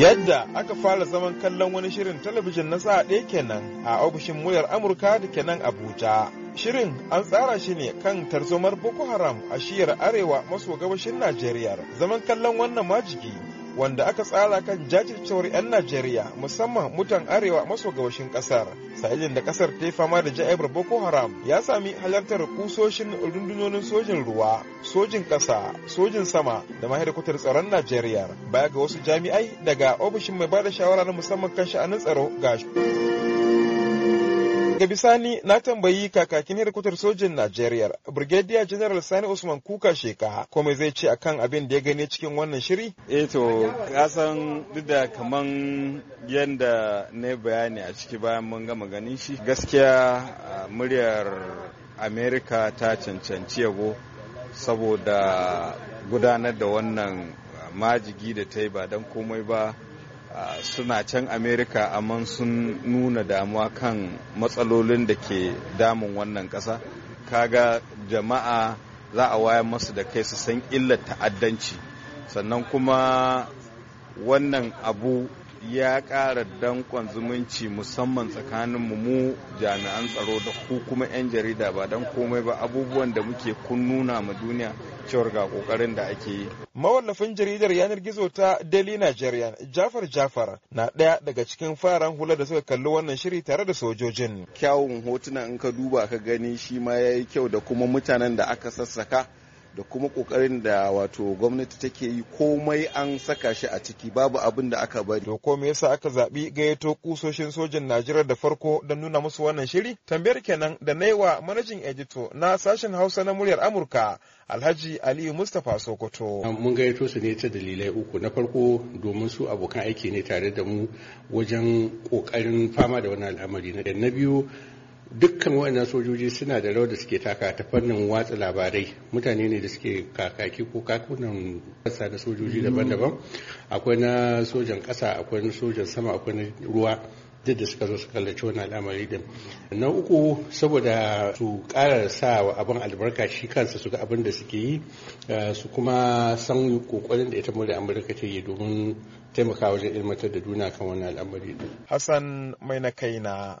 Yadda aka fara zaman kallon wani shirin talabijin na sa'a kenan a ofishin muryar Amurka da kenan Abuja. Shirin an tsara shi ne kan tarzomar Boko Haram a shiyar arewa maso gabashin Najeriya. Zaman kallon wannan majigi wanda aka tsara kan jajircewar 'yan Najeriya musamman mutan arewa maso gabashin kasar. Sa'ilin da kasar ta yi fama da ja'ibar Boko Haram ya sami halartar kusoshin rundunonin sojin ruwa, sojin kasa, sojin sama da mahaidakutar tsaron Najeriya baya ga wasu jami'ai daga ofishin mai bada shawara na musamman kan sha'anin tsaro ga Daga bisani na tambayi kakakin hirkutar sojin Najeriya, Brigadier General Sani Usman Kuka Sheka, ko zai ce akan abin da ya gani cikin wannan shiri? Eh to, kasan duk da kamar yadda na bayani a ciki bayan mun gama ganin shi, gaskiya muryar Amerika ta cancanci yabo saboda gudanar da wannan majigi da ta yi ba don komai ba Ah, suna can amerika amma sun nuna damuwa kan matsalolin da ke damun wannan ƙasa kaga jama'a za a wayar masu da kai su san illar ta'addanci sannan kuma wannan abu ya ƙara dankon zumunci musamman tsakanin mu jami'an tsaro da ku kuma 'yan jarida ba don komai ba abubuwan da muke kun nuna ma duniya cewar ga kokarin da ake yi. Mawallafin jaridar yanar gizo ta Daily Nigerian, Jafar Jafar na ɗaya daga cikin faran hula da suka kalli wannan shiri tare da sojojin. Kyawun hotuna in ka duba ka gani shi ma ya yi kyau da kuma mutanen da aka sassaka da kuma kokarin da wato gwamnati take yi komai an saka shi a ciki babu abin da aka bari. To ko me yasa aka zaɓi gayyato kusoshin sojan Najeriya da farko don nuna musu wannan shiri? Tambayar kenan da na wa manajin edito na sashen Hausa na muryar Amurka Alhaji Aliyu Mustapha Sokoto. Mun gayyato su ne ta dalilai uku na farko domin su abokan aiki ne tare da mu wajen kokarin fama da wannan al'amari na biyu dukkan waɗannan sojoji suna da rawar da suke taka ta fannin watsa labarai mutane ne da suke kakaki ko kakunan kasa da sojoji mm-hmm. daban-daban akwai na sojan ƙasa akwai na sojan sama akwai na ruwa duk da suka zo su kallaci wani al'amari din na uku saboda su ƙara sa wa abin albarka shi kansa su ga abin da suke yi eh, su kuma san kokarin da ita murya amurka ta yi domin taimakawa wajen ilmantar da juna kan wani al'amari din hassan mai na kaina